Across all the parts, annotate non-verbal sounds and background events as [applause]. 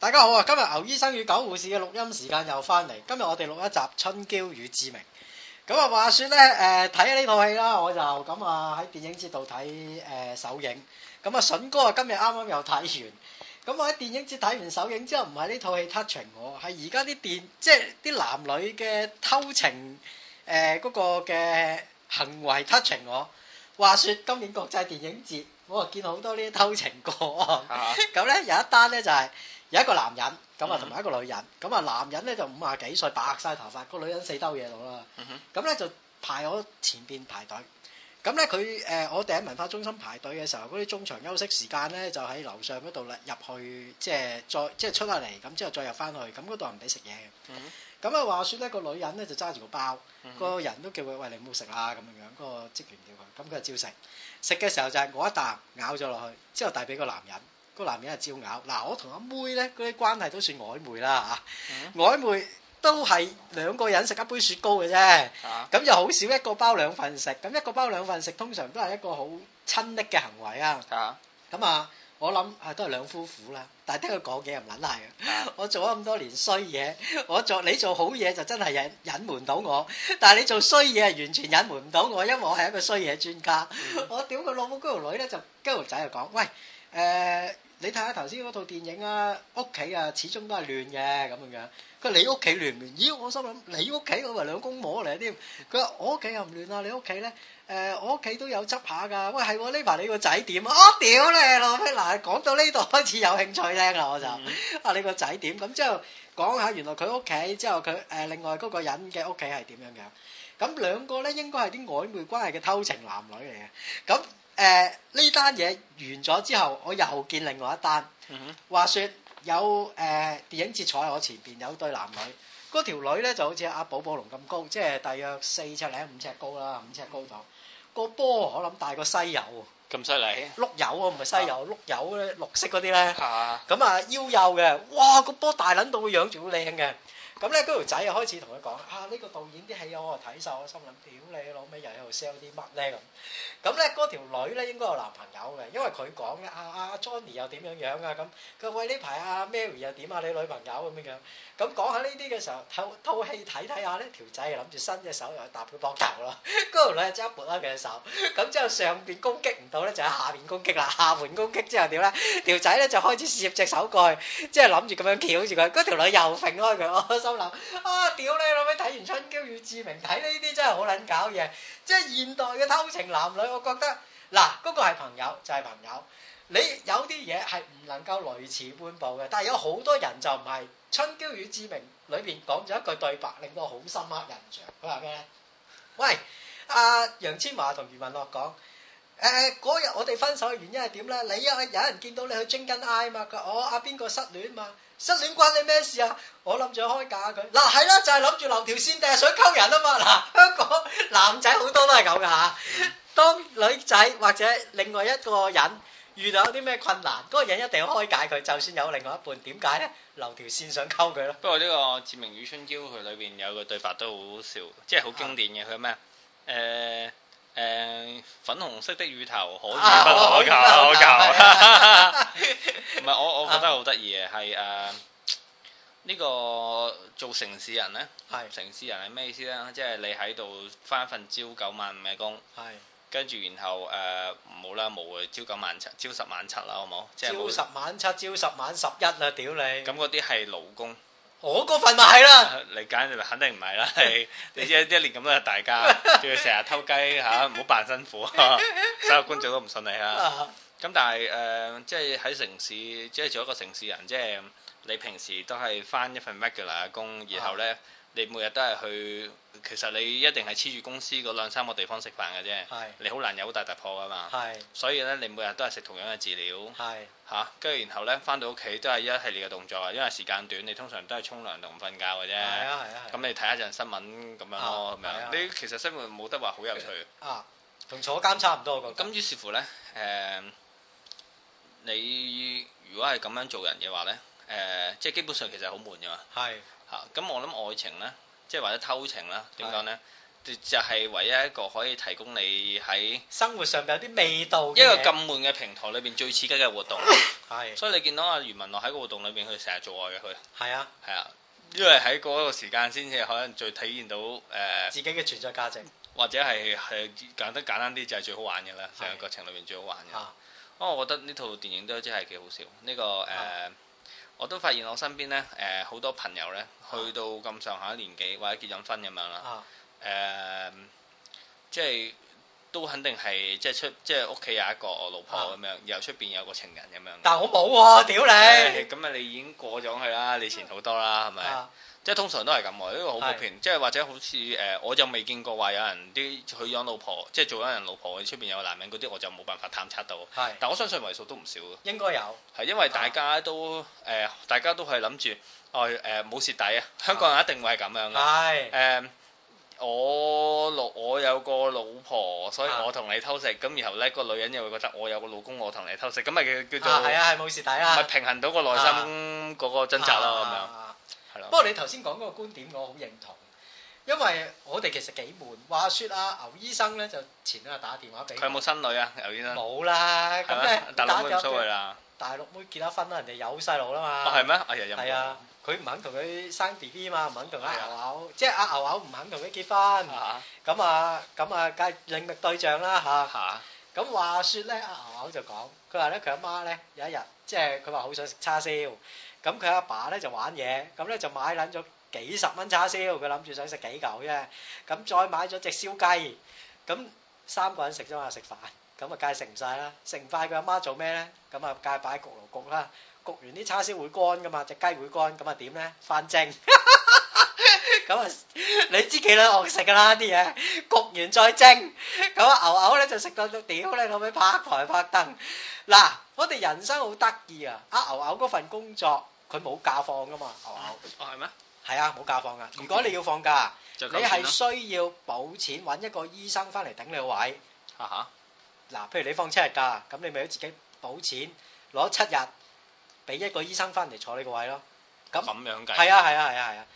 大家好啊！今日牛醫生與狗護士嘅錄音時間又翻嚟。今日我哋錄一集《春嬌與志明》。咁啊，話說咧，誒睇呢套戲啦，我就咁啊喺電影節度睇誒首映。咁、呃、啊，笋、嗯、哥啊，今日啱啱又睇完。咁、嗯、我喺電影節睇完首映之後，唔係呢套戲 touching 我，係而家啲電即係啲男女嘅偷情誒嗰、呃那個嘅行為 touching 我。話說今年國際電影節，我啊見好多呢啲偷情個。咁 [laughs] 咧有一單咧就係、是。有一個男人咁啊，同埋、嗯、哼一個女人咁啊，男人咧就五啊幾歲，白晒頭髮；個女人四兜嘢到啦。咁咧、嗯、哼就排我前邊排隊。咁咧佢誒，我哋喺文化中心排隊嘅時候，嗰啲中場休息時間咧，就喺樓上嗰度入去，即係再即係出下嚟，咁之後再入翻去。咁嗰度係唔俾食嘢嘅。咁啊、嗯哼，話説咧個女人咧就揸住個包，個、嗯、哼人都叫佢喂，你唔好食啦咁樣樣。個職員叫佢，咁佢就照食。食嘅時候就係我一啖咬咗落去，之後遞俾個男人。個男人係招咬嗱。我同阿妹咧嗰啲關係都算曖昧啦吓，曖昧都係兩個人食一杯雪糕嘅啫，咁就好少一個包兩份食，咁一個包兩份食通常都係一個好親昵嘅行為啊。咁啊我諗啊都係兩夫婦啦，但係聽佢講嘢又唔捻似嘅。我做咗咁多年衰嘢，我做你做好嘢就真係隱隱瞞到我，但係你做衰嘢係完全隱瞞唔到我，因為我係一個衰嘢專家，我屌佢老母！嗰條女咧就跟條仔就講，喂。誒，你睇下頭先嗰套電影啊，屋企啊始終都係亂嘅咁樣樣。佢你屋企亂唔亂？咦，我心諗你屋企，我話兩公婆嚟添。佢話我屋企又唔亂啊，你屋企咧？誒，我屋企都有執下噶。喂，係我匿埋你個仔點啊？我屌你老味！嗱，講到呢度開始有興趣聽啦，我就啊，你個仔點？咁之後講下原來佢屋企，之後佢誒，另外嗰個人嘅屋企係點樣樣？咁兩個咧，應該係啲曖昧關係嘅偷情男女嚟嘅。咁。誒，呢單嘢完咗之後我又見另外一單，話說有誒，電影節坐喺我前邊有對男女，嗰條女咧就好似阿寶寶龍咁高，即係大約四尺零五尺高啦，五尺高度，個波我諗大過西柚，咁犀利，碌柚啊，唔係西柚，碌柚咧綠色嗰啲咧，咁啊腰幼嘅，哇個波大撚到個樣仲好靚嘅。咁咧嗰條仔又開始同佢講啊，呢個導演啲戲我啊睇曬，我心諗屌你老味又喺度 sell 啲乜咧咁。咁咧嗰條女咧應該有男朋友嘅，因為佢講啊啊 Johnny 又點樣樣啊咁。佢喂，呢排啊 Mary 又點啊你女朋友咁樣樣。咁講下呢啲嘅時候套套戲睇睇下咧，條仔啊諗住伸隻手入去搭佢膊頭咯。嗰條女啊即刻撥開佢隻手，咁之後上邊攻擊唔到咧，就喺下邊攻擊啦。下盤攻擊之後點咧？條仔咧就開始摺隻手過去，即係諗住咁樣撬住佢。嗰條女又揈開佢。啊！屌你老味，睇完春《春嬌與志明》睇呢啲真係好撚搞嘢，即係現代嘅偷情男女，我覺得嗱，嗰、那個係朋友就係、是、朋友。你有啲嘢係唔能夠雷池半步嘅，但係有好多人就唔係，《春嬌與志明》裏邊講咗一句對白，令到我好深刻印象。佢話咩咧？喂，阿、啊、楊千嬅同余文樂講。誒，嗰日我哋分手嘅原因係點咧？你啊，有人見到你去樽跟嗌嘛？佢我阿邊個失戀嘛？失戀關你咩事啊？我諗住開解佢。嗱，係啦，就係諗住留條線定係想溝人啊嘛？嗱，香港男仔好多都係咁噶吓。當女仔或者另外一個人遇到有啲咩困難，嗰個人一定要開解佢，就算有另外一半，點解咧？留條線想溝佢咯。不過呢個《志明與春嬌》佢裏邊有個對白都好好笑，即係好經典嘅。佢咩啊？誒。誒、呃，粉紅色的乳頭可遇不可求，唔係我我覺得好得意嘅，係誒，呢、呃這個做城市人咧，是城市人係咩意思咧？即係你喺度返份朝九晚五嘅工，跟住是然後誒，冇啦冇嘅朝九晚七、朝十晚七啦，好冇？即朝十晚七、朝十晚十一啦，屌你！咁嗰啲係勞工。我嗰份咪係啦， [laughs] 你揀就肯定唔係啦，你你一一年咁多大家，仲要成日偷雞嚇，唔好扮辛苦，所有觀眾都唔信你啦。咁、啊、 [laughs] 但係誒、呃，即係喺城市，即係做一個城市人，即係你平時都係翻一份 regular 嘅工，然後咧。 [laughs] 你每日都係去，其實你一定係黐住公司嗰兩三個地方食飯嘅啫，是你好難有好大突破噶嘛。係是，所以咧你每日都係食同樣嘅飼料，嚇是，跟住、啊、然後咧翻到屋企都係一系列嘅動作，因為時間短，你通常都係沖涼同瞓覺嘅啫。係啊係啊，咁、啊啊、你睇一陣新聞咁樣咯，咪啊，啊樣啊你其實新聞冇得話好有趣啊。啊，同坐監差唔多個。咁於是乎咧，誒、呃，你如果係咁樣做人嘅話咧，誒、呃呃，即係基本上其實好悶嘅嘛。係、啊。咁我諗愛情呢，即係或者偷情啦，點講呢？呢是就係唯一一個可以提供你喺生活上邊有啲味道一個咁悶嘅平台裏邊最刺激嘅活動。係是。所以你見到阿余文樂喺個活動裏邊，佢成日做愛嘅佢。係啊。係啊。因為喺嗰個時間先至可能最體現到誒、呃、自己嘅存在價值，或者係誒講得簡單啲就係最好玩嘅啦，成是個過程裏邊最好玩嘅。啊。我覺得呢套電影都真係幾好笑，呢、這個誒。呃啊我都發現我身邊咧，誒、呃，好多朋友咧，啊、去到咁上下年紀，或者結咗婚咁樣啦，誒、啊呃，即係。都肯定係即係出即係屋企有一個老婆咁樣，然後出邊有個情人咁樣。但係我冇喎，屌你！咁啊，你已經過咗去啦，你前好多啦，係咪？即係通常都係咁喎，因為好普遍。即係或者好似誒，我就未見過話有人啲娶咗老婆，即係做咗人老婆，出邊有男人嗰啲，我就冇辦法探測到。但我相信為數都唔少嘅。應該有。係因為大家都誒，大家都係諗住誒誒，冇蝕底啊！香港人一定會係咁樣嘅。係。誒。我老我有個老婆，所以我同你偷食，咁然後咧個女人又會覺得我有個老公，我同你偷食，咁咪叫叫做，係啊係冇事睇啊，咪、啊啊、平衡到個內心嗰個掙扎咯咁樣，係咯、啊。嗯啊啊、不過你頭先講嗰個觀點，我好認同，因為我哋其實幾悶。話説啊，牛醫生咧就前日打電話俾，佢有冇新女啊？牛醫生冇啦，咁咧大陸唔所謂啦，大陸妹結咗婚啦，人哋有細路啦嘛。係咩？係啊。 [laughs] 佢唔肯同佢生 B B 嘛，唔肯同阿牛、啊、牛，即係阿牛牛唔肯同佢結婚，咁啊咁啊梗係另覓對象啦嚇，咁、啊、話説咧，啊、牛牛就講，佢話咧佢阿媽咧有一日，即係佢話好想食叉燒，咁佢阿爸咧就玩嘢，咁咧就買撚咗幾十蚊叉燒，佢諗住想食幾嚿啫，咁再買咗隻燒雞，咁三個人食咗嘛食飯，咁啊梗係食唔晒啦，食唔晒，佢阿媽做咩咧？咁啊梗係擺焗爐焗啦。焗完啲叉燒會乾噶嘛，隻雞會乾，咁啊，點咧？翻蒸，咁啊你知幾卵惡食噶啦啲嘢，焗完再蒸，咁啊牛牛咧就食到到屌咧，可唔可以拍台拍凳？嗱，我哋人生好得意啊，阿牛牛嗰份工作佢冇假放噶嘛，牛牛。哦係咩？係啊，冇假放噶，如果你要放假，你係需要補錢搵一個醫生翻嚟頂你個位，吓吓。嗱，譬如你放七日假，咁你咪要自己補錢攞七日。你一個醫生翻嚟坐呢個位咯，咁，係啊係啊係啊係啊，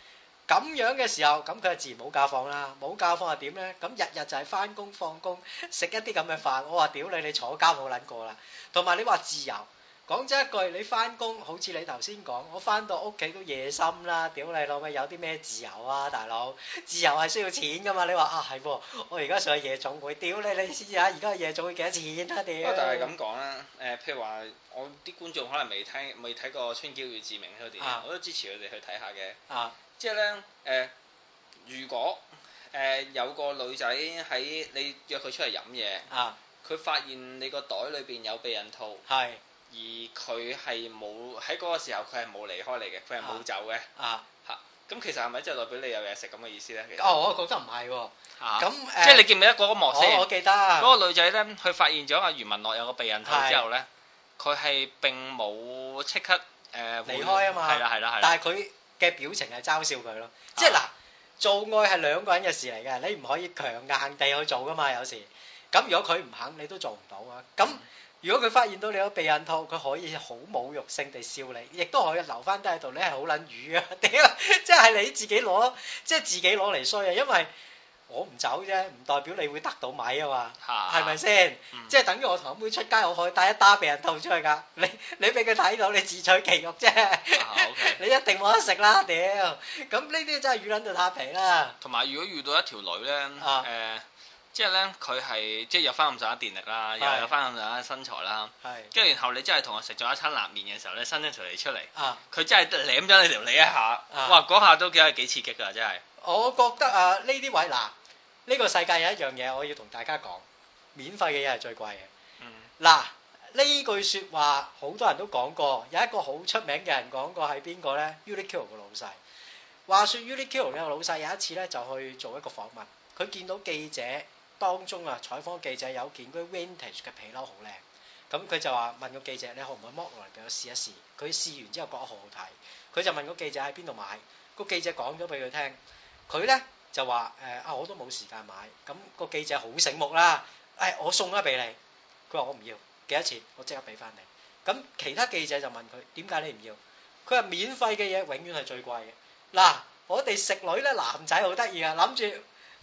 咁、啊啊、樣嘅時候，咁佢啊自然冇假放啦，冇假放又點咧？咁日日就係翻工放工，食一啲咁嘅飯，我話屌你，你坐監冇撚過啦，同埋你話自由。講咗一句，你翻工好似你頭先講，我翻到屋企都夜深啦，屌你老味，有啲咩自由啊，大佬？自由係需要錢㗎嘛？你話啊係喎，我而家上夜總會，屌你你知唔知啊？而家夜總會幾多錢啊？屌！不過但係咁講啦，誒、呃，譬如話我啲觀眾可能未聽未睇過《春嬌與志明》呢個、啊、我都支持佢哋去睇下嘅。啊，即係咧誒，如果誒、呃、有個女仔喺你約佢出嚟飲嘢，佢、啊、發現你個袋裏邊有避孕套，係的。而佢係冇喺嗰個時候，佢係冇離開你嘅，佢係冇走嘅啊嚇。咁其實係咪即係代表你有嘢食咁嘅意思咧？其實，我覺得唔係喎。啊，咁誒，即係你記唔記得嗰個幕先？我記得。嗰個女仔咧，佢發現咗阿余文樂有個避孕套之後咧，佢係並冇即刻誒離開啊嘛。係啦係啦係。但係佢嘅表情係嘲笑佢咯。即係嗱，做愛係兩個人嘅事嚟嘅，你唔可以強硬地去做㗎嘛。有時咁，如果佢唔肯，你都做唔到啊。咁如果佢發現到你有避孕套，佢可以好侮辱性地笑你，亦都可以留翻低喺度，你係好撚魚啊！屌，即係你自己攞，即係自己攞嚟衰啊！因為我唔走啫，唔代表你會得到米啊嘛，係咪先？嗯、即係等於我同阿妹出街，我可以帶一打避孕套出去㗎。你你俾佢睇到，你自取其辱啫。啊 okay. 你一定冇得食啦！屌，咁呢啲真係魚撚到太皮啦。同埋如果遇到一條女咧，誒、啊。啊。即係咧，佢係即係有翻咁上下電力啦，又是有翻咁上下身材啦。係是，即係然後你真係同我食咗一餐拉麵嘅時候咧，你伸出條脷出嚟，佢、啊、真係舐咗你條脷一下，啊、哇！嗰下都真係幾刺激噶，真係。我覺得啊，呢、呃、啲位嗱，呢、這個世界有一樣嘢我要同大家講，免費嘅嘢係最貴嘅。嗯。嗱，呢句説話好多人都講過，有一個好出名嘅人講過係邊個咧，u n i q e o 個老細。話說 u n i q e o 嘅老細有一次咧就去做一個訪問，佢見到記者。當中啊，採訪記者有件嗰啲 vintage 嘅皮褸好靚，咁佢就話問個記者：你可唔可以剝落嚟俾我試一試？佢試完之後覺得好好睇，佢就問個記者喺邊度買？個記者講咗俾佢聽，佢咧就話誒啊，我都冇時間買。咁個記者好醒目啦，誒我送啦俾你。佢話我唔要，幾多錢？我即刻俾翻你。咁其他記者就問佢點解你唔要？佢話免費嘅嘢永遠係最貴嘅。嗱，我哋食女咧，男仔好得意啊，諗住。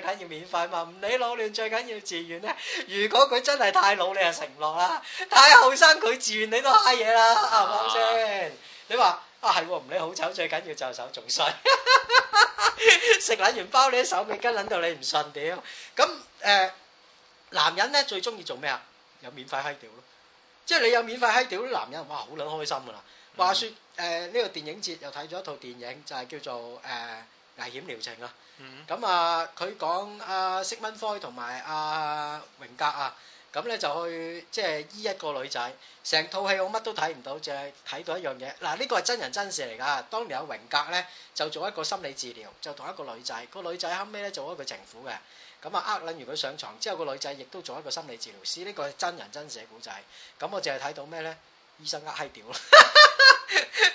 最緊要免費嘛，唔理老嫩，最緊要自願咧。如果佢真係太老，你就承諾啦；太後生，佢自願你都嗨嘢啦，係咪先？你話啊係唔理好醜，最緊要就手仲衰，食捻完包你啲手尾跟捻到你唔順屌。咁誒，男人咧最中意做咩啊？有免費嗨屌咯，即係你有免費嗨屌，啲男人哇好捻開心噶啦。話說誒呢個電影節又睇咗一套電影，就係叫做誒危險療程啦。咁啊，佢講阿飾文科同埋阿榮格啊，咁咧就去即係醫一個女仔，成套戲我乜都睇唔到，淨係睇到一樣嘢。嗱，呢個係真人真事嚟㗎。當年有榮格咧，就做一個心理治療，就同一個女仔，個女仔後尾咧做一個情婦嘅，咁啊呃撚完佢上牀之後，個女仔亦都做一個心理治療師，呢個係真人真事嘅故仔。咁我淨係睇到咩咧？醫生呃閪屌啦！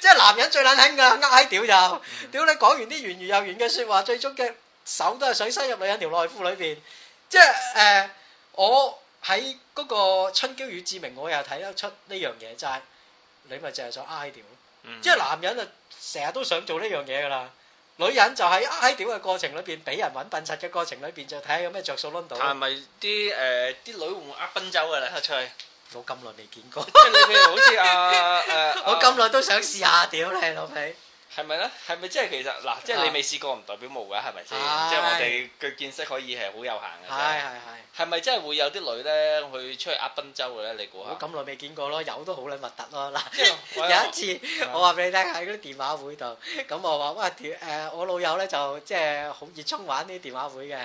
即係男人最難聽噶，呃喺屌就屌你，講完啲圓圓又圓嘅說話，最終嘅手都係想深入女人條內褲裏邊。即係誒，我喺嗰個春嬌與志明，我又睇得出呢樣嘢齋。你咪淨係想挨屌咯，即係男人就成日都想做呢樣嘢噶啦。女人就喺挨屌嘅過程裏邊，俾人揾笨柒嘅過程裏邊，就睇下有咩着數攞到。係咪啲誒啲女會唔會呃奔走噶咧？出去。我咁耐未見過，老味好似阿誒，我咁耐都想試下，啊，屌你老味！係咪咧？係咪即係其實嗱，即係你未試過唔代表冇㗎，係咪先？即係我哋嘅見識可以係好有限嘅啫。係係係。係咪真係會有啲女咧去出去壓賓州嘅咧？你估下？咁耐未見過咯，有都好撚核突咯。嗱，有一次我話俾你聽喺嗰啲電話會度，咁我話哇條誒我老友咧就即係好熱衷玩呢啲電話會嘅，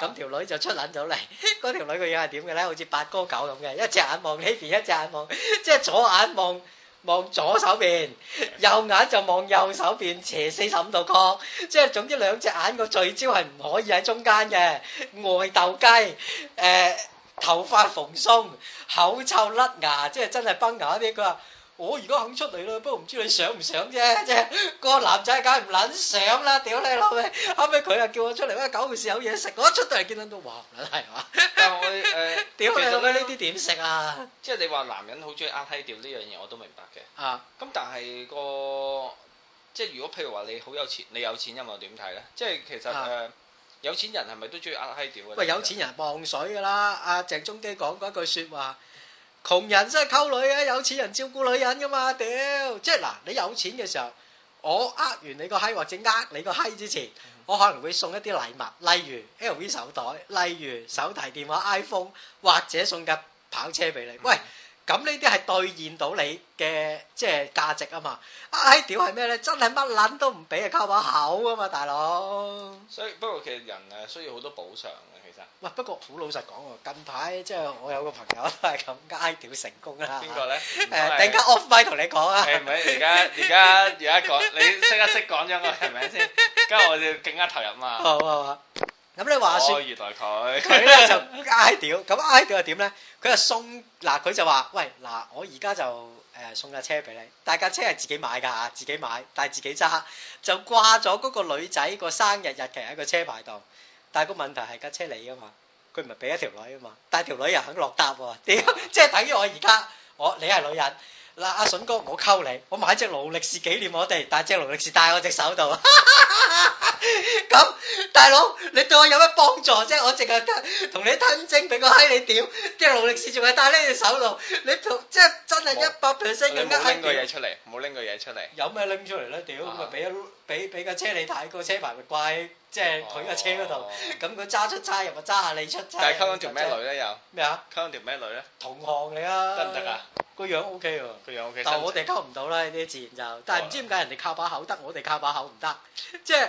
咁條女就出撚咗嚟，嗰條女個樣係點嘅咧？好似八哥狗咁嘅，一隻眼望呢邊，一隻眼望即係左眼望。望左手邊，右眼就望右手邊斜四十五度角，即係總之兩隻眼個聚焦係唔可以喺中間嘅，外鬥雞誒，頭髮蓬鬆，口臭甩牙，即係真係崩牙啲，佢話。我如果肯出嚟咯，不過唔知你想唔想啫。即 [laughs] 係個男仔梗係唔捻想啦，屌你老味。後尾佢又叫我出嚟，喂，九號時有嘢食，我一出到嚟見到都話唔捻係嘛。但係我誒，呃、屌你老味，呢啲點食啊？即係你話男人好中意呃閪調呢樣嘢，我都明白嘅。啊，咁但係個即係如果譬如話你好有錢，你有錢音樂點睇咧？即係其實誒、啊啊，有錢人係咪都中意呃閪調？喂，有錢人望水噶啦。阿鄭中基講嗰句說話。窮人真係溝女啊，有錢人照顧女人噶嘛，屌！即係嗱，你有錢嘅時候，我呃完你個閪或者呃你個閪之前，我可能會送一啲禮物，例如 LV 手袋，例如手提電話 iPhone，或者送架跑車俾你，喂！嗯咁呢啲係兌現到你嘅即係價值啊嘛！挨屌係咩咧？真係乜撚都唔俾啊！靠把口啊嘛，大佬。所以不過其實人誒需要好多補償嘅其實。喂不過好老實講喎，近排即係我有個朋友都係咁挨屌成功啦。邊個咧？誒，等間 off mic 同你講啊。誒係咪而家而家而家講，你識一識講咗個名先，跟住我要更加投入嘛。好啊。咁你話説，原來佢佢咧就挨屌，咁挨屌又點咧？佢就送嗱，佢就話：喂，嗱，我而家就誒送架車俾你。但架車係自己買㗎啊，自己買，但係自己揸，就掛咗嗰個女仔個生日日期喺個車牌度。但係個問題係架車你㗎嘛，佢唔係俾一條女㗎嘛，但係條女又肯落搭喎。屌，即係等於我而家我你係女人嗱，阿筍哥我溝你，我買隻勞力士紀念我哋，但係隻勞力士戴我隻手度。哈哈哈哈。咁，大佬你對我有乜幫助啫？我淨係吞同你吞精俾個閪你屌，啲勞力士仲係戴喺隻手度，你同即係真係一百 percent 咁樣拎。冇拎個嘢出嚟，冇拎個嘢出嚟。有咩拎出嚟咧？屌咁咪！俾一俾俾架車你睇，個車牌咪掛喺即係佢架車嗰度，咁佢揸出差又咪揸下你出差。但係溝緊條咩女咧？又咩啊？溝緊條咩女咧？同行嚟啊！得唔得啊？個樣 OK 喎，個樣 OK。但係我哋溝唔到啦，呢啲自然就，但係唔知點解人哋靠把口得，我哋靠把口唔得，即係。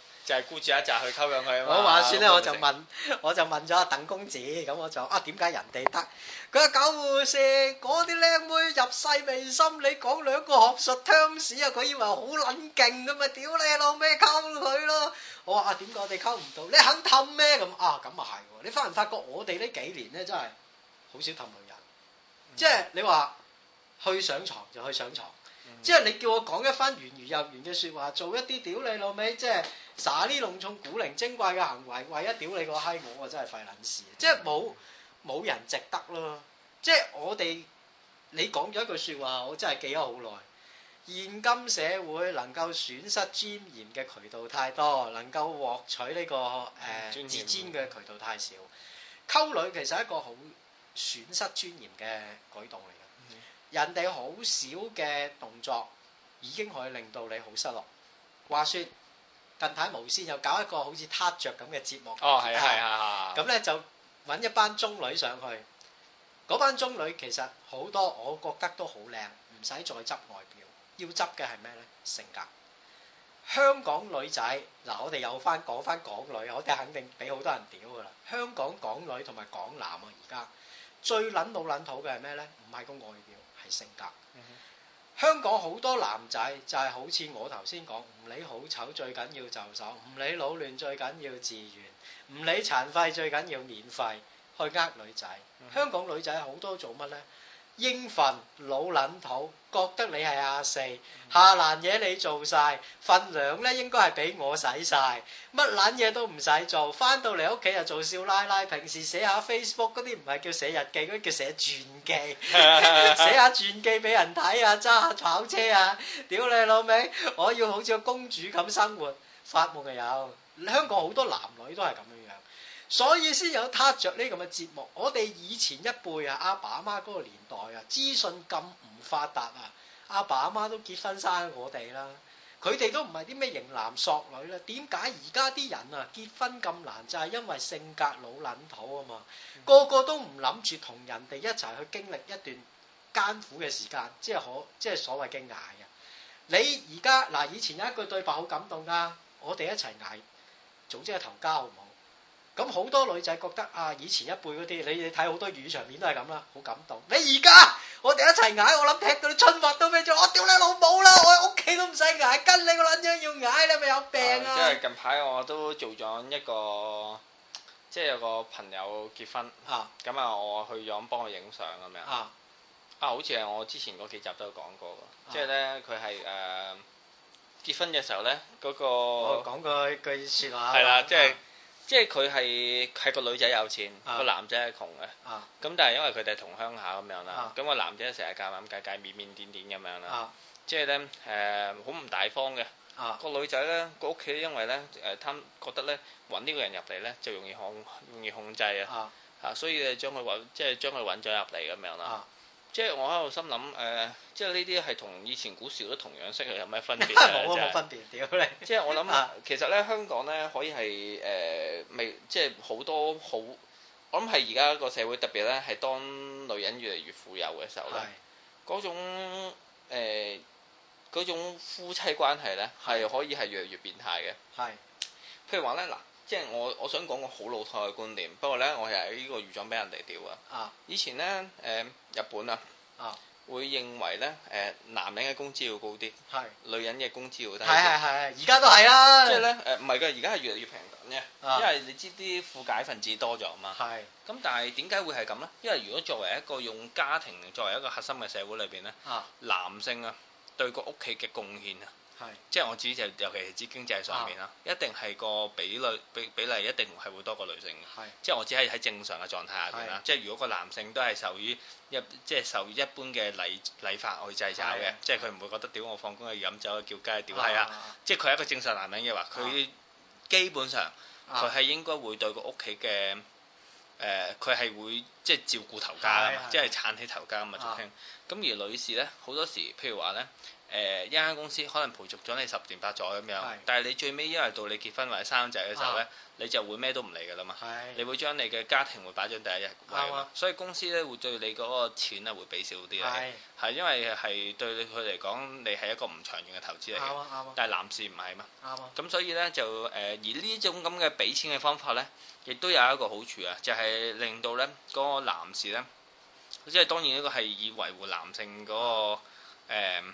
就係顧住一扎去溝養佢啊嘛！我話算咧，我就，我就問，我就問咗阿鄧公子，咁我就啊，點解人哋得佢啊搞護士，嗰啲靚妹入世未深，你講兩個學術㗱屎啊，佢以為好撚勁咁啊！屌你老咩溝女咯！我話啊，點解我哋溝唔到？你肯氹咩咁啊？咁啊係喎！你發唔發覺我哋呢幾年咧真係好少氹女人，即係，你話去上床就去上床。嗯、即係你叫我講一番圓如入園嘅說話，做一啲屌你老味即係耍呢隆重古靈精怪嘅行為，為一屌你個閪我啊、嗯、真係費卵事，嗯、即係冇冇人值得咯。即係我哋你講咗一句說話，我真係記咗好耐。現今社會能夠損失尊嚴嘅渠道太多，能夠穫取呢、這個誒、呃、嚴自尊嘅渠道太少。溝女其實係一個好損失尊嚴嘅舉動嚟。人哋好少嘅動作已經可以令到你好失落。話説近排無線又搞一個好似撻著咁嘅節目，哦，係啊，係啊，咁咧就揾一班中女上去。嗰班中女其實好多，我覺得都好靚，唔使再執外表，要執嘅係咩咧？性格。香港女仔嗱，我哋有翻講翻港女，我哋肯定俾好多人屌噶啦。香港港女同埋港男啊，而家最撚老撚土嘅係咩咧？唔係個外表。性格、嗯哼，香港好多男仔就係好似我頭先講，唔理好醜最緊要就手，唔理老嫩最緊要自願，唔理殘廢最緊要免費去呃女仔。嗯、香港女仔好多做乜呢？英份老撚土，覺得你係阿四，下欄嘢你做晒，份糧咧應該係俾我使晒。乜撚嘢都唔使做，翻到嚟屋企又做少奶奶，平時寫下 Facebook 嗰啲唔係叫寫日記，嗰啲叫寫傳記，寫 [laughs] 下傳記俾人睇啊，揸下跑車啊，屌你老味，我要好似個公主咁生活，發夢嘅有，香港好多男女都係咁樣。所以先有他着呢咁嘅節目。我哋以前一輩啊，阿爸阿媽嗰個年代啊，資訊咁唔發達啊，阿爸阿媽都結婚生我哋啦。佢哋都唔係啲咩型男索女啦。點解而家啲人啊結婚咁難？就係因為性格老捻頭啊嘛。個個都唔諗住同人哋一齊去經歷一段艱苦嘅時間，即係可即係所謂嘅挨啊。你而家嗱，以前有一句對白好感動啊，我哋一齊挨，總之係頭家好唔好？咁好、嗯、多女仔覺得啊，以前一輩嗰啲，你你睇好多粵語場面都係咁啦，好感動。你而家我哋一齊捱，我諗踢到你春運都未做！我屌你老母啦，我喺屋企都唔使捱，跟你個撚樣要捱，你咪有病啊！啊即係近排我都做咗一個，即係有個朋友結婚，咁啊我去咗幫佢影相咁樣。啊，啊好似係我之前嗰幾集都有講過，啊、即係咧佢係誒結婚嘅時候咧，嗰、嗰個講句句説話。係啦，即係。即係佢係係個女仔有錢，啊、個男仔係窮嘅。咁、啊、但係因為佢哋同鄉下咁樣啦，咁、啊、個男仔成日夾夾介介、面面癲癲咁樣啦。啊、即係呢，誒、呃，好唔大方嘅、啊。個女仔呢個屋企因為呢誒貪、呃、覺得呢揾呢個人入嚟呢就容易控容易控制啊嚇，啊所以誒將佢揾即係將佢揾咗入嚟咁樣啦。啊啊即係我喺度心諗，誒、呃，即係呢啲係同以前股市都同樣式嘅，有咩分別啊？真係冇啊，冇分別，屌你！即係我諗啊，其實咧香港咧可以係誒未，即係好多好，我諗係而家個社會特別咧，係當女人越嚟越富有嘅時候咧，嗰的種誒、呃、嗰種夫妻關係咧係可以係越嚟越變態嘅。係的，譬如話咧嗱。即係我我想講個好老套嘅觀念，不過呢，我又係呢個魚獎俾人哋屌噶。啊！以前呢，誒、呃，日本啊，啊會認為呢，誒、呃，男人嘅工資要高啲，係是女人嘅工資，要低係係係，而家都係啦。即係、啊就是、呢，誒、呃，唔係噶，而家係越嚟越平等嘅，啊、因為你知啲富解分子多咗啊嘛。係是。咁但係點解會係咁呢？因為如果作為一個用家庭作為一個核心嘅社會裏邊呢，啊、男性啊，對個屋企嘅貢獻啊。即係我自己就尤其係指經濟上面啦，一定係個比率比比例一定係會多過女性嘅。係，即係我只係喺喺正常嘅狀態下邊啦。即係如果個男性都係受於一即係受一般嘅禮禮法去制裁嘅，即係佢唔會覺得屌我放工去飲酒去叫雞屌！係啊，即係佢係一個正常男人嘅話，佢基本上佢係應該會對個屋企嘅誒，佢係會即係照顧頭家，嘛，即係撐起頭家咁啊！再傾咁，而女士咧，好多時譬如話咧。誒、呃、一間公司可能培植咗你十年八載咁樣，但係你最尾因為到你結婚或者生仔嘅時候咧，啊、你就會咩都唔理㗎啦嘛，是你會將你嘅家庭會擺上第一日位，啊、所以公司咧會對你嗰個錢啊會俾少啲，係係因為係對佢嚟講，你係一個唔長遠嘅投資嚟、啊啊、但係男士唔係嘛，咁、啊啊、所以咧就誒、呃、而呢種咁嘅俾錢嘅方法咧，亦都有一個好處啊，就係、是、令到咧嗰、那個男士咧，即係當然呢個係以維護男性嗰、那個、嗯嗯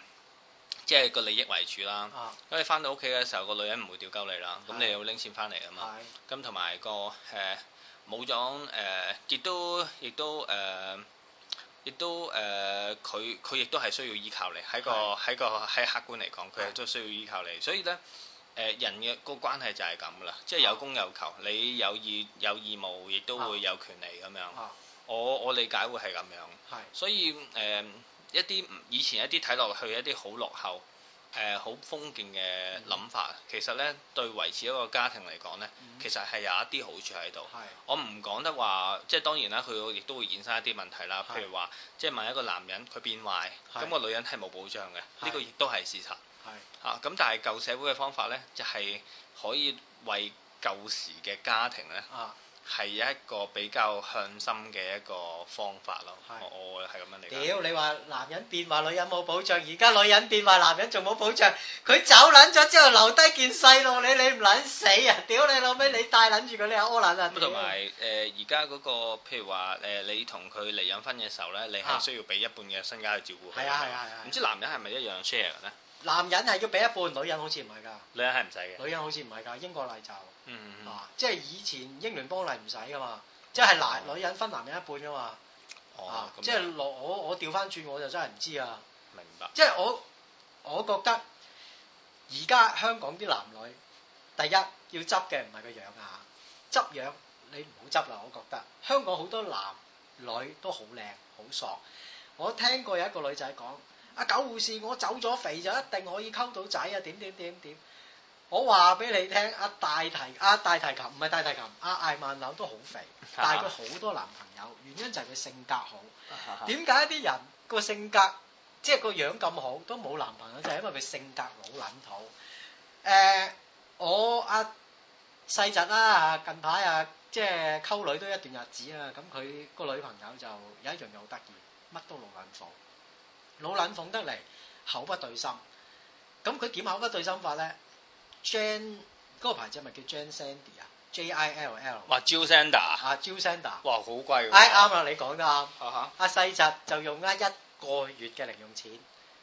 即係個利益為主啦，咁你翻到屋企嘅時候，個女人唔會掉鳩你啦，咁你又要拎錢翻嚟啊嘛，咁同埋個誒冇咗誒，亦都亦都誒，亦都誒佢佢亦都係需要依靠你，喺個喺個喺客觀嚟講，佢亦都需要依靠你，所以咧誒人嘅個關係就係咁嘅啦，即係有供有求，你有義有義務，亦都會有權利咁樣，我我理解會係咁樣，所以誒。一啲以前一啲睇落去一啲好落後誒好、呃、封建嘅諗法，嗯、其實咧對維持一個家庭嚟講咧，嗯、其實係有一啲好處喺度。是我唔講得話，即係當然啦，佢亦都會衍生一啲問題啦。是譬如話，即係問一個男人佢變壞，咁是個女人係冇保障嘅，呢是個亦都係事實。是啊，咁但係舊社會嘅方法咧，就係、是、可以為舊時嘅家庭咧。啊係一個比較向心嘅一個方法咯，的我係咁樣嚟。屌你話男人變壞女人冇保障，而家女人變壞男人仲冇保障。佢走捻咗之後留低件細路你，你唔捻死啊！屌你老味，你帶捻住佢你係屙捻啊！咁同埋誒，而家嗰個譬如話誒，你同佢離隱婚嘅時候咧，你係需要俾一半嘅身家去照顧佢。係啊係啊係啊，唔知男人係咪一樣 share 嘅咧？男人係要俾一半，女人好似唔係噶。女人係唔使嘅。女人好似唔係噶，英國例就，嗯嗯嗯啊，即係以前英聯邦例唔使噶嘛，即係男、哦、女人分男人一半噶嘛。哦，啊、這樣 即係落我我調翻轉，我,我就真係唔知啊。明白。即係我，我覺得而家香港啲男女，第一要執嘅唔係個樣啊，執樣你唔好執啦，我覺得香港好多男女都好靚好爽。我聽過有一個女仔講。阿狗護士，我走咗肥就一定可以溝到仔啊！點點點點，我話俾你聽，阿大提阿大提琴唔係大提琴，阿艾曼柳都好肥，但係佢好多男朋友，原因就係佢性格好。點解一啲人個性格即係個樣咁好都冇男朋友，就係因為佢性格老撚土。誒，我阿細侄啦，近排啊即係溝女都一段日子啊，咁佢個女朋友就有一樣嘢好得意，乜都老撚火。老卵奉得嚟，口不對心。咁佢點口不對心法咧？Jen 嗰個牌子係咪叫 Jil Sander 啊？J I L L。咪 Jil Sander。啊 Jil Sander。哇，好貴。哎，啱啦，你講得啱。啊哈。阿細澤就用咗一個月嘅零用錢，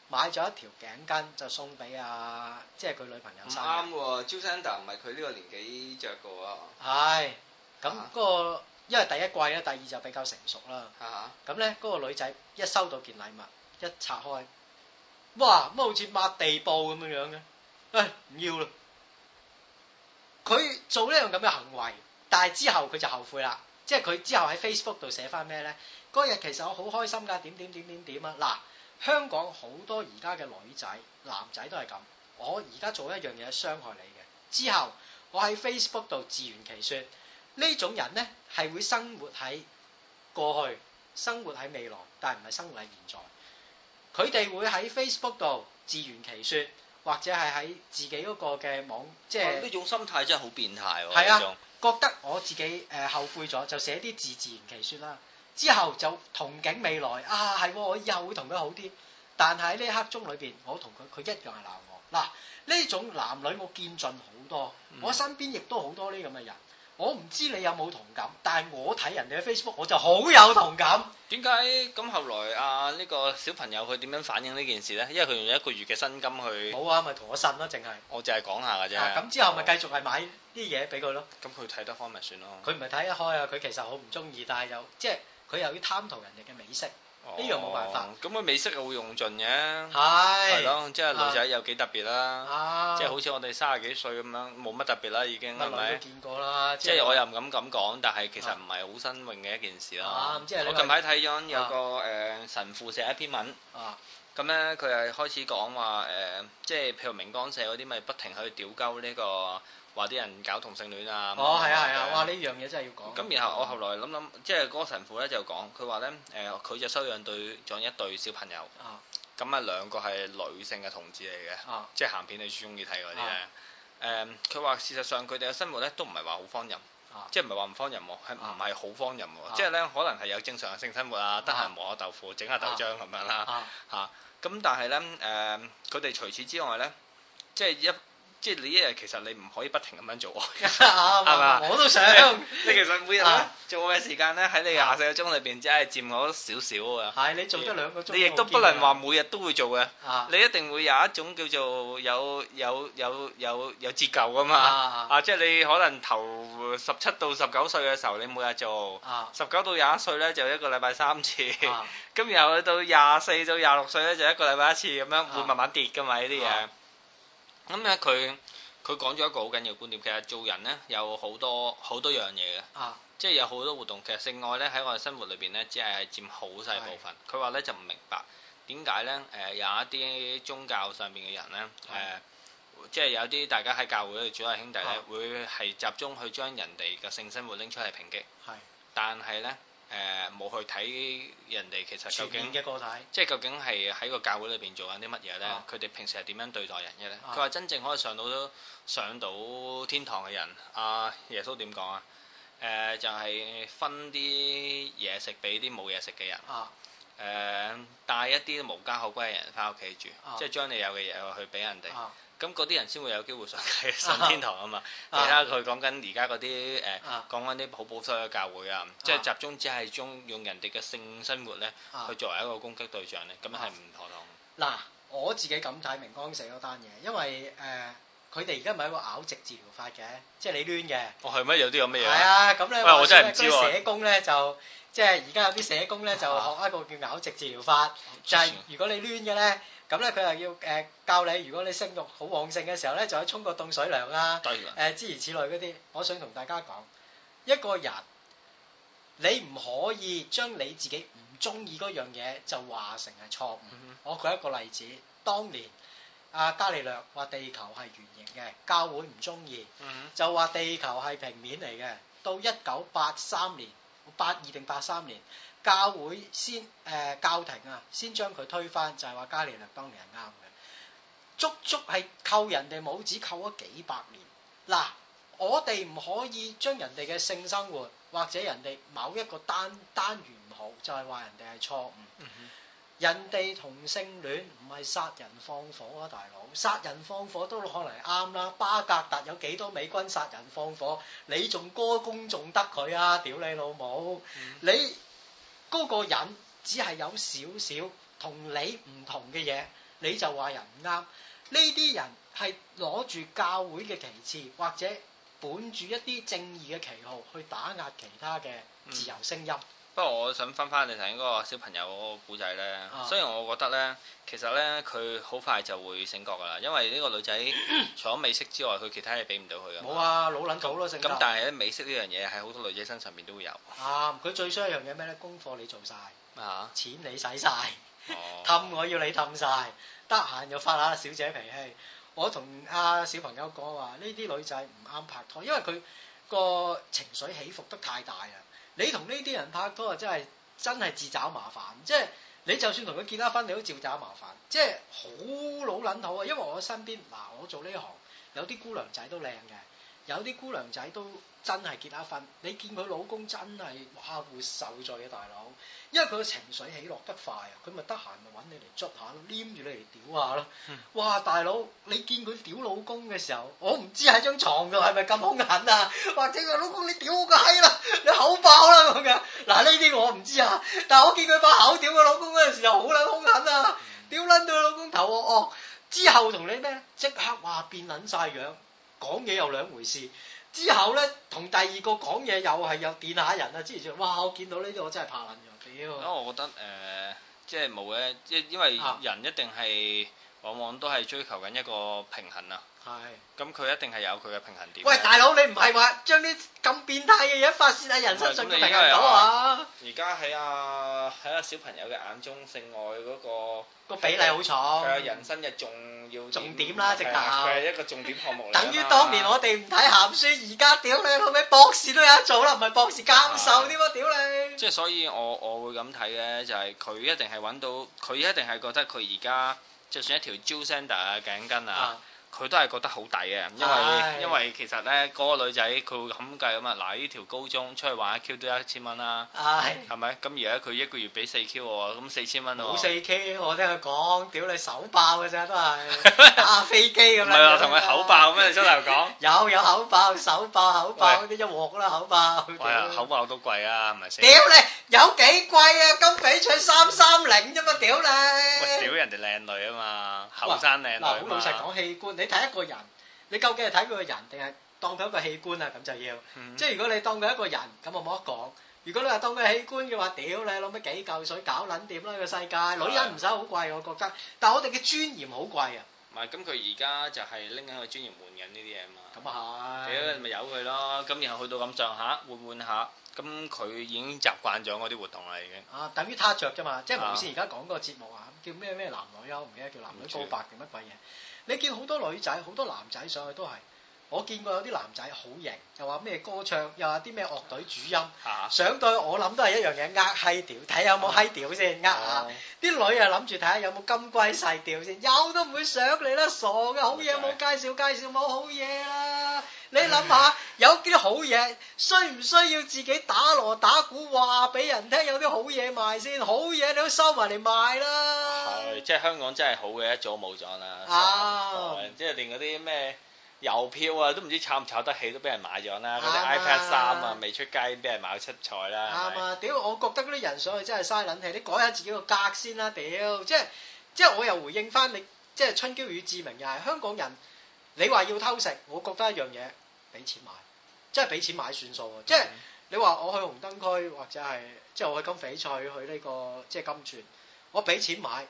買咗一條頸巾，就送俾阿即係佢女朋友。唔啱喎，Jil Sander 唔係佢呢個年紀著嘅喎。係。咁嗰個，因為第一季咧，第二就比較成熟啦。啊哈。咁咧，嗰個女仔一收到件禮物。一拆開，哇！咁好似抹地布咁嘅樣嘅，唉，唔要啦。佢做呢樣咁嘅行為，但係之後佢就後悔啦。即係佢之後喺 Facebook 度寫翻咩咧？嗰日其實我好開心㗎，點點點點點啊！嗱、啊，香港好多而家嘅女仔、男仔都係咁。我而家做一樣嘢係傷害你嘅之後，我喺 Facebook 度自圓其説。呢種人咧係會生活喺過去，生活喺未來，但係唔係生活喺現在。佢哋會喺 Facebook 度自圓其說，或者係喺自己個嘅網，即係呢種心態真係好變態，係啊，啊種覺得我自己誒後悔咗，就寫啲字自圓其說啦。之後就憧憬未來啊，係、啊，我以後會同佢好啲，但係呢一刻鐘裏邊，我同佢佢一樣係鬧我。嗱，呢種男女我見盡好多，我身邊亦都好多呢咁嘅人。嗯我唔知你有冇同感，但係我睇人哋嘅 Facebook，我就好有同感。點解咁後來阿呢個小朋友佢點樣反應呢件事呢？因為佢用咗一個月嘅薪金去，好啊，咪同我呻咯，淨係我淨係講下噶啫。咁之後咪繼續係買啲嘢俾佢咯。咁佢睇得開咪算咯。佢唔係睇得開啊！佢其實好唔中意，但係又即係佢又要貪圖人哋嘅美色。呢樣冇辦法，咁佢未識又會用盡嘅，係，係咯，即係女仔有幾特別啦，即係好似我哋卅幾歲咁樣，冇乜特別啦已經，係咪？見過啦，即係我又唔敢咁講，但係其實唔係好新穎嘅一件事啦。我近排睇咗有個誒神父寫一篇文，咁咧，佢係開始講話誒即係譬如明光社啲咪不停去屌鳩呢個話啲人搞同性戀啊。哦，係啊，係啊。呢樣嘢真係要講。咁然後我後來諗諗，即係嗰個神父咧就講，佢話咧誒，佢就收養對，仲有一對小朋友。咁啊，兩個係女性嘅同志嚟嘅。即係鹹片你最中意睇嗰啲咧。啊。誒，佢話事實上佢哋嘅生活咧都唔係話好荒淫，即係唔係話唔荒淫喎？係唔係好荒淫喎？即係咧，可能係有正常嘅性生活啊，得閒磨下豆腐，整下豆漿咁樣啦。啊。嚇！咁但係咧誒，佢哋除此之外咧，即係一。即係你一日其實你唔可以不停咁樣做喎，係嘛？我都想。你其實每日做嘅時間咧，喺你廿四個鐘裏邊只係佔我少少啊。係你做咗兩個鐘。你亦都不能話每日都會做嘅。啊！你一定會有一種叫做有有有有有折舊㗎嘛。啊！即係你可能頭十七到十九歲嘅時候，你每日做。十九到廿一歲咧，就一個禮拜三次。咁然後去到廿四到廿六歲咧，就一個禮拜一次咁樣，會慢慢跌㗎嘛呢啲嘢。咁咧，佢佢講咗一個好緊要觀點。其實做人咧，有好多好多樣嘢嘅，啊、即係有好多活動。其實性愛咧，喺我哋生活裏邊咧，只係佔好細部分。佢話咧就唔明白點解咧？誒、呃、有一啲宗教上面嘅人咧，誒、呃、是即係有啲大家喺教會嘅主愛兄弟咧，是會係集中去將人哋嘅性生活拎出嚟抨擊。係是，但係咧。誒冇、呃、去睇人哋其實究竟，個即係究竟係喺個教會裏邊做緊啲乜嘢咧？佢哋、啊、平時係點樣對待人嘅咧？佢話、啊、真正可以上到上到天堂嘅人，阿耶穌點講啊？誒、啊呃、就係、是、分啲嘢食俾啲冇嘢食嘅人，誒帶、啊呃、一啲無家可歸嘅人翻屋企住，啊、即係將你有嘅嘢去俾人哋。啊啊咁嗰啲人先會有機會上去上天堂啊嘛！其他佢講緊而家嗰啲誒講緊啲好保守嘅教會啊，即係集中只係將用人哋嘅性生活咧，去作為一個攻擊對象咧，咁係唔妥當。嗱，我自己咁睇明光社嗰單嘢，因為誒佢哋而家唔係一個拗直治療法嘅，即係你攣嘅。哦，係咩？有啲有咩嘢？係啊，咁咧，喂，我真係唔知喎。社工咧就即係而家有啲社工咧就學一個叫拗直治療法，就係如果你攣嘅咧。咁咧，佢又要誒、呃、教你，如果你性慾好旺盛嘅時候咧，就可以沖個凍水涼啦、啊。誒了，諸如、呃、此類嗰啲，我想同大家講，一個人你唔可以將你自己唔中意嗰樣嘢就話成係錯誤。嗯、哼我舉一個例子，當年阿伽、啊、利略話地球係圓形嘅，教會唔中意，嗯、哼就話地球係平面嚟嘅。到一九八三年，八二定八三年。教會先誒、呃、教廷啊，先將佢推翻，就係、是、話加利略當年係啱嘅，足足係扣人哋帽子扣咗幾百年。嗱，我哋唔可以將人哋嘅性生活或者人哋某一個單單元唔好，就係、是、話人哋係錯誤。嗯、哼人哋同性戀唔係殺人放火啊，大佬殺人放火都可能係啱啦。巴格達有幾多美軍殺人放火？你仲歌功仲得佢啊？屌你老母！嗯、你～嗰個人只係有少少同你唔同嘅嘢，你就話人唔啱。呢啲人係攞住教會嘅旗幟，或者本住一啲正義嘅旗號去打壓其他嘅自由聲音。嗯不過我想翻翻你頭先嗰個小朋友嗰個故仔咧，雖然我覺得咧，其實咧佢好快就會醒覺㗎啦，因為呢個女仔除咗美色之外，佢其他嘢俾唔到佢嘅。冇啊，老撚狗咯，醒。咁但係咧，美色呢樣嘢喺好多女仔身上面都會有。啊！佢最衰一樣嘢咩咧？功課你做曬，錢你使曬，氹我要你氹曬，得閒又發下小姐脾氣。我同啊小朋友講話，呢啲女仔唔啱拍拖，因為佢個情緒起伏得太大啦。你同呢啲人拍拖啊，真係真係自找麻煩，即係你就算同佢結咗婚，你都自找麻煩，即係好老捻土啊，因為我身邊嗱、啊，我做呢行有啲姑娘仔都靚嘅。有啲姑娘仔都真係結下婚，你見佢老公真係，哇，會受罪嘅、啊、大佬，因為佢嘅情緒起落得快啊，佢咪得閒咪揾你嚟捉下咯，黏住你嚟屌下咯。哇，大佬，你見佢屌老公嘅時候，我唔知喺張床度係咪咁兇狠啊，或者佢老公你屌個閪啦，你口爆啦咁嘅，嗱呢啲我唔知啊，但係我見佢把口屌個老公嗰陣時，好撚兇狠啊，屌撚到佢老公頭哦，之後同你咩，即刻話變撚曬樣。講嘢又兩回事，之後呢，同第二個講嘢又係有電下人啊！之前仲哇，我見到呢啲我真係怕撚樣，啊，屌！咁我覺得誒、呃，即係冇嘅，因因為人一定係往往都係追求緊一個平衡啊。係，咁佢是一定係有佢嘅平衡點。喂，大佬，你唔係話將啲咁變態嘅嘢發洩喺人生上嘅平衡度啊？而家喺啊喺啊小朋友嘅眼中，性愛嗰，那個個比例好重，係人生嘅重要點重點啦，嗯、直頭到係、啊、一個重點項目嚟。 [laughs] 等於當年我哋唔睇鹹書，而家屌你，老味博士都有得做啦，唔係博士教授啲麼？的屌你！即係所以我，我我會咁睇嘅，就係、是、佢一定係揾到，佢一定係覺得佢而家就算一條 Joy Sander 頸巾啊。是佢都係覺得好抵嘅，因為因為其實咧嗰個女仔佢會咁計㗎嘛。嗱，呢條高中出去玩一 Q 都要一千蚊啦，係咪？咁而家佢一個月俾四 Q 喎，咁四千蚊喎。冇四 Q，我聽佢講，屌你手爆嘅咋，都係打飛機咁樣。唔係啊，同佢口爆咁啊出嚟講。有有口爆手爆，口爆嗰啲一鑊啦口爆。口爆都貴啊，係咪先？屌你，有幾貴啊？咁鬼脆三三零啫嘛，屌你！屌人哋靚女啊嘛，後生靚女。嗱，好老實講器官你，你睇一個人，你究竟係睇佢個人定係當佢一個器官啊？咁就要，嗯、即係如果你當佢一個人，咁我冇得講。如果你話當佢器官嘅話，屌你攞乜幾嚿水搞撚掂啦？呢個世界女人唔使好貴，我覺得，但係我哋嘅尊嚴好貴啊。唔係，咁佢而家就係拎緊個尊嚴換緊呢啲嘢啊嘛。咁啊咪由佢咯，咁然後去到咁上下換換下。換一換一換一換咁佢已經習慣咗嗰啲活動啦，已經。啊，等於他著啫嘛，即係無線而家講嗰個節目啊，叫咩咩男女呀，我唔記得，叫男女告白定乜鬼嘢？你見好多女仔、好多男仔上去都係，我見過有啲男仔好型，又話咩歌唱，又話啲咩樂隊主音，上到去我諗都係一樣嘢，呃閪屌，睇下有冇閪屌先，呃啊！啲女啊諗住睇下有冇金龜細屌先，有都唔會上嚟啦，傻嘅，好嘢冇介紹介紹冇好嘢啦。你諗下，有啲好嘢，需唔需要自己打鑼打鼓話俾人聽有啲好嘢賣先？好嘢你都收埋嚟賣啦。係，即係香港真係好嘅一早冇咗啦。啊，即係連嗰啲咩郵票啊，都唔知炒唔炒得起，都俾人買咗啦。嗰啲 iPad 三啊，未出街，俾人買到七彩啦。啱啊！屌，我覺得嗰啲人上去真係嘥撚氣，你改下自己個格先啦，屌、啊啊！即係即係我又回應翻你，即係春嬌與志明又係香港人。你話要偷食，我覺得一樣嘢，俾錢買，即係俾錢買算數啊。即係你話我去紅燈區或者係即係我去金翡翠去呢個即係金鑽，我俾錢買，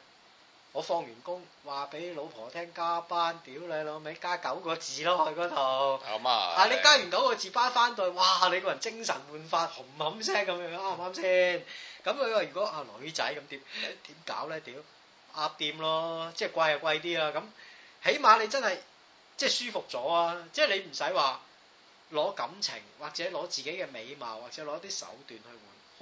我放完工話俾老婆聽加班，屌你老味加九個字咯，去嗰度。啊、嗯，嗯、你加唔到個字，巴翻袋，哇！你個人精神煥發，紅冚聲咁樣啱唔啱先？咁佢話如果啊女仔咁點點搞咧？屌，鴨店咯，即係貴就貴啲啊。咁起碼你真係。即係舒服咗啊！即係你唔使話攞感情或者攞自己嘅美貌或者攞啲手段去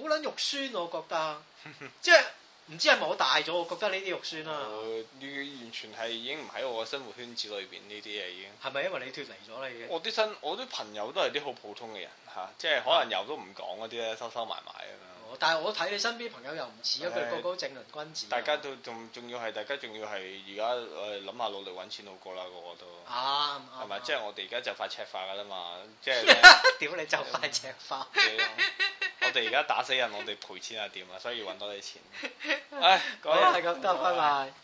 換，好撚肉酸，啊、我覺得， [laughs] 即係唔知係咪我大咗，我覺得呢啲肉酸啦、啊。你、呃、完全係已經唔喺我嘅生活圈子裏邊呢啲嘢，已經係咪因為你脫離咗你嘅？我啲身我啲朋友都係啲好普通嘅人吓、啊，即係可能有都唔講嗰啲咧，啊、收收埋埋咁樣。但係我睇你身邊朋友又唔似，因為個，個個正人君子大。大家都仲仲要係，大家仲要係而家誒諗下努力揾錢好過啦，我都。啱，啊，係咪即係我哋而家就快赤化噶啦嘛？即係屌你就快赤化！ [laughs] 我哋而家打死人，我哋賠錢又點啊？所以要揾多啲錢。唉，講完係咁多，拜拜。Bye bye.